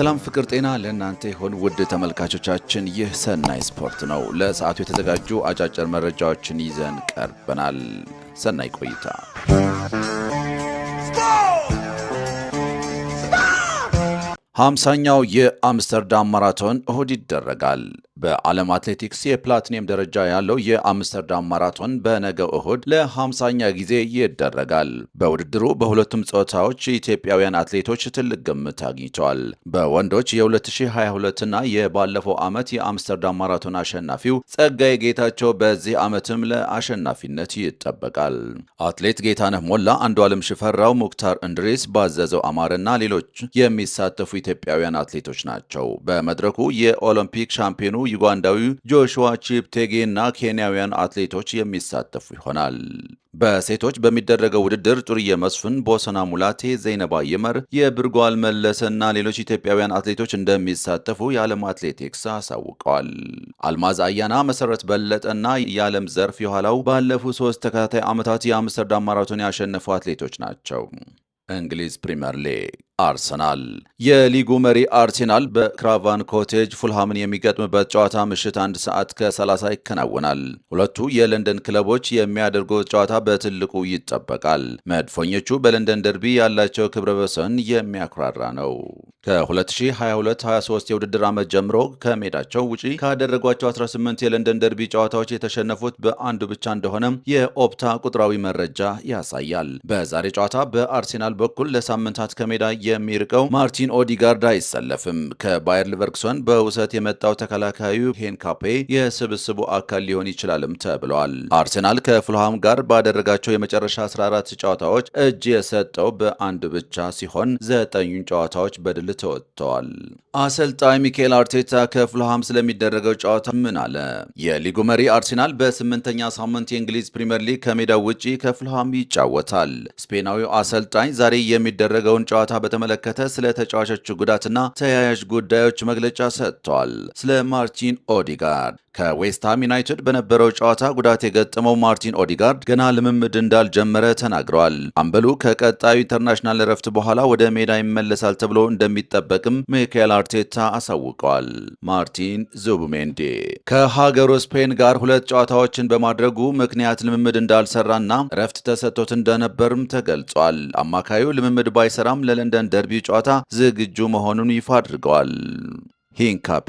ሰላም ፍቅር ጤና ለእናንተ ይሁን ውድ ተመልካቾቻችን፣ ይህ ሰናይ ስፖርት ነው። ለሰዓቱ የተዘጋጁ አጫጭር መረጃዎችን ይዘን ቀርበናል። ሰናይ ቆይታ። ሃምሳኛው የአምስተርዳም ማራቶን እሁድ ይደረጋል። በዓለም አትሌቲክስ የፕላቲኒየም ደረጃ ያለው የአምስተርዳም ማራቶን በነገው እሁድ ለ50ኛ ጊዜ ይደረጋል። በውድድሩ በሁለቱም ጾታዎች ኢትዮጵያውያን አትሌቶች ትልቅ ግምት አግኝተዋል። በወንዶች የ2022 ና የባለፈው ዓመት የአምስተርዳም ማራቶን አሸናፊው ጸጋዬ ጌታቸው በዚህ ዓመትም ለአሸናፊነት ይጠበቃል። አትሌት ጌታነህ ሞላ፣ አንዱዓለም ሽፈራው፣ ሙክታር እንድሪስ፣ ባዘዘው አማርና ሌሎች የሚሳተፉ ኢትዮጵያውያን አትሌቶች ናቸው። በመድረኩ የኦሎምፒክ ሻምፒዮኑ ዩጋንዳዊ ጆሹዋ ቺፕቴጌ እና ኬንያውያን አትሌቶች የሚሳተፉ ይሆናል። በሴቶች በሚደረገው ውድድር ጡርዬ መስፍን፣ ቦሰና ሙላቴ፣ ዘይነብ አየመር፣ የብርጓል መለሰ እና ሌሎች ኢትዮጵያውያን አትሌቶች እንደሚሳተፉ የዓለም አትሌቲክስ አሳውቀዋል። አልማዝ አያና፣ መሰረት በለጠ እና የዓለም ዘርፍ የኋላው ባለፉ ሶስት ተከታታይ ዓመታት የአምስተርዳም ማራቶን ያሸነፉ አትሌቶች ናቸው። እንግሊዝ ፕሪምየር ሊግ አርሰናል የሊጉ መሪ አርሴናል በክራቫን ኮቴጅ ፉልሃምን የሚገጥምበት ጨዋታ ምሽት አንድ ሰዓት ከ30 ይከናወናል። ሁለቱ የለንደን ክለቦች የሚያደርጉት ጨዋታ በትልቁ ይጠበቃል። መድፈኞቹ በለንደን ደርቢ ያላቸው ክብረ ወሰን የሚያኩራራ ነው። ከ2022-23 የውድድር ዓመት ጀምሮ ከሜዳቸው ውጪ ካደረጓቸው 18 የለንደን ደርቢ ጨዋታዎች የተሸነፉት በአንዱ ብቻ እንደሆነም የኦፕታ ቁጥራዊ መረጃ ያሳያል። በዛሬ ጨዋታ በአርሴናል በኩል ለሳምንታት ከሜዳ የሚርቀው ማርቲን ኦዲጋርድ አይሰለፍም። ከባየር ሊቨርኩሰን በውሰት የመጣው ተከላካዩ ሄንካፔ የስብስቡ አካል ሊሆን ይችላልም ተብለዋል። አርሴናል ከፍልሃም ጋር ባደረጋቸው የመጨረሻ 14 ጨዋታዎች እጅ የሰጠው በአንድ ብቻ ሲሆን ዘጠኙን ጨዋታዎች በድል ተወጥተዋል። አሰልጣኝ ሚካኤል አርቴታ ከፍልሃም ስለሚደረገው ጨዋታ ምን አለ? የሊጉ መሪ አርሴናል በስምንተኛ ሳምንት የእንግሊዝ ፕሪምየር ሊግ ከሜዳው ውጪ ከፍልሃም ይጫወታል። ስፔናዊው አሰልጣኝ ዛሬ የሚደረገውን ጨዋታ በተመለከተ ስለ ተጫዋቾቹ ጉዳትና ተያያዥ ጉዳዮች መግለጫ ሰጥተዋል። ስለ ማርቲን ኦዲጋርድ ከዌስትሃም ዩናይትድ በነበረው ጨዋታ ጉዳት የገጠመው ማርቲን ኦዲጋርድ ገና ልምምድ እንዳልጀመረ ተናግረዋል። አምበሉ ከቀጣዩ ኢንተርናሽናል እረፍት በኋላ ወደ ሜዳ ይመለሳል ተብሎ እንደሚጠበቅም ሚካኤል አርቴታ አሳውቀዋል። ማርቲን ዙቡሜንዴ ከሀገሩ ስፔን ጋር ሁለት ጨዋታዎችን በማድረጉ ምክንያት ልምምድ እንዳልሰራና እረፍት ተሰጥቶት እንደነበርም ተገልጿል። አማካዩ ልምምድ ባይሰራም ለለንደን ደርቢ ጨዋታ ዝግጁ መሆኑን ይፋ አድርገዋል። ሂንካፔ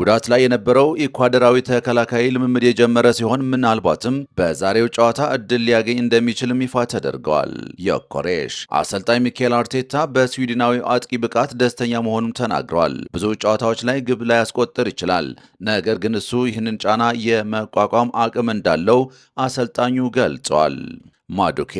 ጉዳት ላይ የነበረው ኢኳደራዊ ተከላካይ ልምምድ የጀመረ ሲሆን ምናልባትም በዛሬው ጨዋታ እድል ሊያገኝ እንደሚችልም ይፋ ተደርገዋል። የኮሬሽ አሰልጣኝ ሚካኤል አርቴታ በስዊድናዊ አጥቂ ብቃት ደስተኛ መሆኑን ተናግረዋል። ብዙ ጨዋታዎች ላይ ግብ ላያስቆጥር ይችላል፣ ነገር ግን እሱ ይህንን ጫና የመቋቋም አቅም እንዳለው አሰልጣኙ ገልጿል። ማዱኬ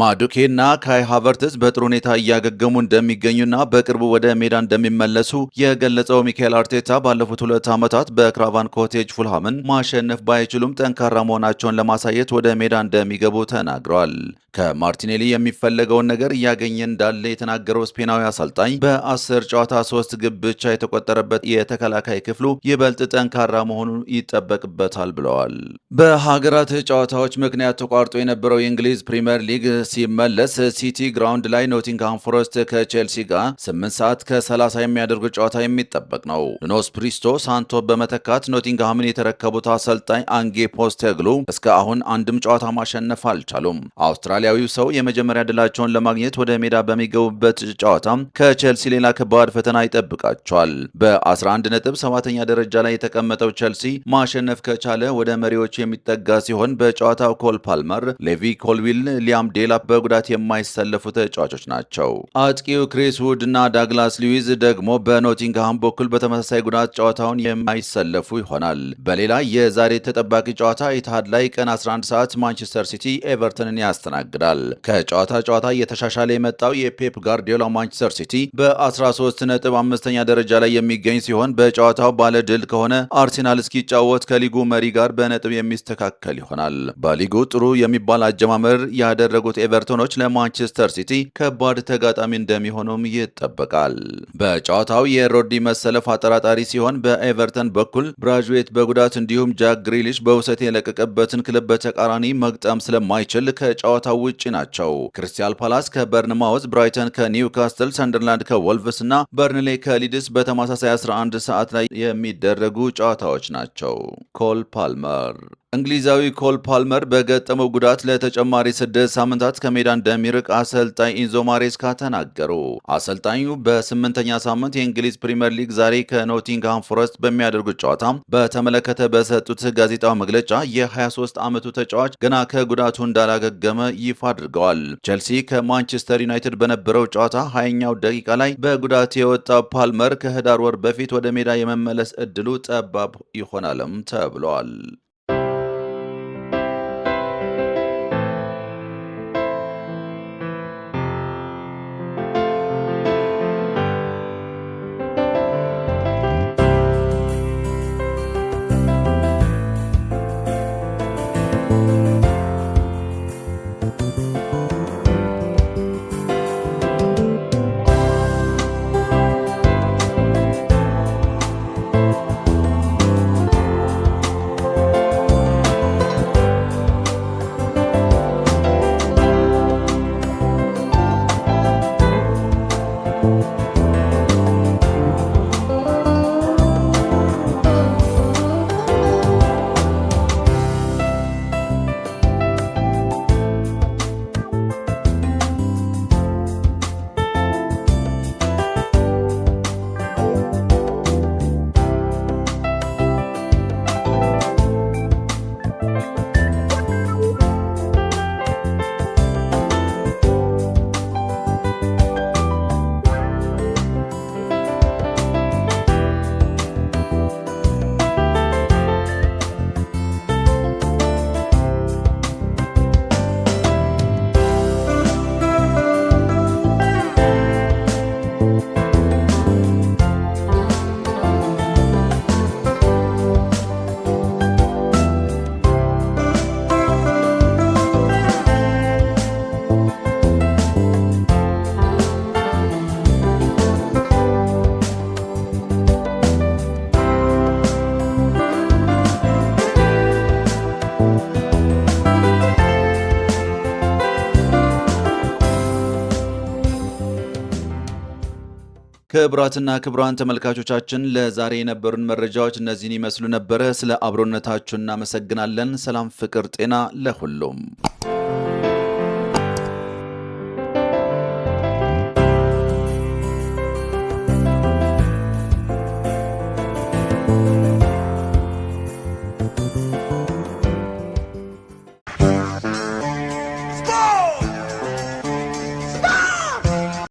ማዱኬና ካይ ሃቨርትዝ በጥሩ ሁኔታ እያገገሙ እንደሚገኙና በቅርቡ ወደ ሜዳ እንደሚመለሱ የገለጸው ሚካኤል አርቴታ ባለፉት ሁለት ዓመታት በክራቫን ኮቴጅ ፉልሃምን ማሸነፍ ባይችሉም ጠንካራ መሆናቸውን ለማሳየት ወደ ሜዳ እንደሚገቡ ተናግረዋል። ከማርቲኔሊ የሚፈለገውን ነገር እያገኘ እንዳለ የተናገረው ስፔናዊ አሰልጣኝ በአስር ጨዋታ ሶስት ግብ ብቻ የተቆጠረበት የተከላካይ ክፍሉ ይበልጥ ጠንካራ መሆኑ ይጠበቅበታል ብለዋል። በሀገራት ጨዋታዎች ምክንያት ተቋርጦ የነበረው የእንግሊዝ ፕሪምየር ሊግ ሲመለስ ሲቲ ግራውንድ ላይ ኖቲንግሃም ፎረስት ከቼልሲ ጋር 8 ሰዓት ከ30 የሚያደርጉ ጨዋታ የሚጠበቅ ነው። ኖስ ፕሪስቶ ሳንቶ በመተካት ኖቲንግሃምን የተረከቡት አሰልጣኝ አንጌ ፖስተግሉ እስከ አሁን አንድም ጨዋታ ማሸነፍ አልቻሉም። አውስትራሊያ ናይጄሪያዊው ሰው የመጀመሪያ ድላቸውን ለማግኘት ወደ ሜዳ በሚገቡበት ጨዋታ ከቼልሲ ሌላ ከባድ ፈተና ይጠብቃቸዋል። በ11 ነጥብ ሰባተኛ ደረጃ ላይ የተቀመጠው ቼልሲ ማሸነፍ ከቻለ ወደ መሪዎች የሚጠጋ ሲሆን በጨዋታው ኮል ፓልመር፣ ሌቪ ኮልዊል፣ ሊያም ዴላፕ በጉዳት የማይሰለፉ ተጫዋቾች ናቸው። አጥቂው ክሪስ ውድ እና ዳግላስ ሉዊዝ ደግሞ በኖቲንግሃም በኩል በተመሳሳይ ጉዳት ጨዋታውን የማይሰለፉ ይሆናል። በሌላ የዛሬ ተጠባቂ ጨዋታ ኢትሃድ ላይ ቀን 11 ሰዓት ማንቸስተር ሲቲ ኤቨርተንን ያስተናግዳል። ያስተናግዳል። ከጨዋታ ጨዋታ እየተሻሻለ የመጣው የፔፕ ጋርዲዮላ ማንቸስተር ሲቲ በ13 ነጥብ አምስተኛ ደረጃ ላይ የሚገኝ ሲሆን በጨዋታው ባለ ድል ከሆነ አርሴናል እስኪጫወት ከሊጉ መሪ ጋር በነጥብ የሚስተካከል ይሆናል። በሊጉ ጥሩ የሚባል አጀማመር ያደረጉት ኤቨርቶኖች ለማንቸስተር ሲቲ ከባድ ተጋጣሚ እንደሚሆኑም ይጠበቃል። በጨዋታው የሮዲ መሰለፍ አጠራጣሪ ሲሆን በኤቨርተን በኩል ብራጅዌት በጉዳት እንዲሁም ጃክ ግሪሊሽ በውሰት የለቀቀበትን ክለብ በተቃራኒ መግጠም ስለማይችል ከጨዋታው ውጪ ናቸው። ክሪስታል ፓላስ ከበርንማውዝ፣ ብራይተን ከኒውካስትል፣ ሰንደርላንድ ከወልቭስ እና በርንሌ ከሊድስ በተመሳሳይ 11 ሰዓት ላይ የሚደረጉ ጨዋታዎች ናቸው። ኮል ፓልመር እንግሊዛዊ ኮል ፓልመር በገጠመው ጉዳት ለተጨማሪ ስድስት ሳምንታት ከሜዳ እንደሚርቅ አሰልጣኝ ኢንዞ ማሬስካ ተናገሩ። አሰልጣኙ በስምንተኛ ሳምንት የእንግሊዝ ፕሪምየር ሊግ ዛሬ ከኖቲንግሃም ፎረስት በሚያደርጉት ጨዋታ በተመለከተ በሰጡት ጋዜጣዊ መግለጫ የ23 ዓመቱ ተጫዋች ገና ከጉዳቱ እንዳላገገመ ይፋ አድርገዋል። ቼልሲ ከማንቸስተር ዩናይትድ በነበረው ጨዋታ ሀያኛው ደቂቃ ላይ በጉዳት የወጣ ፓልመር ከህዳር ወር በፊት ወደ ሜዳ የመመለስ እድሉ ጠባብ ይሆናልም ተብሏል። ክቡራትና ክቡራን ተመልካቾቻችን ለዛሬ የነበሩን መረጃዎች እነዚህን ይመስሉ ነበረ። ስለ አብሮነታችሁ እናመሰግናለን። ሰላም፣ ፍቅር፣ ጤና ለሁሉም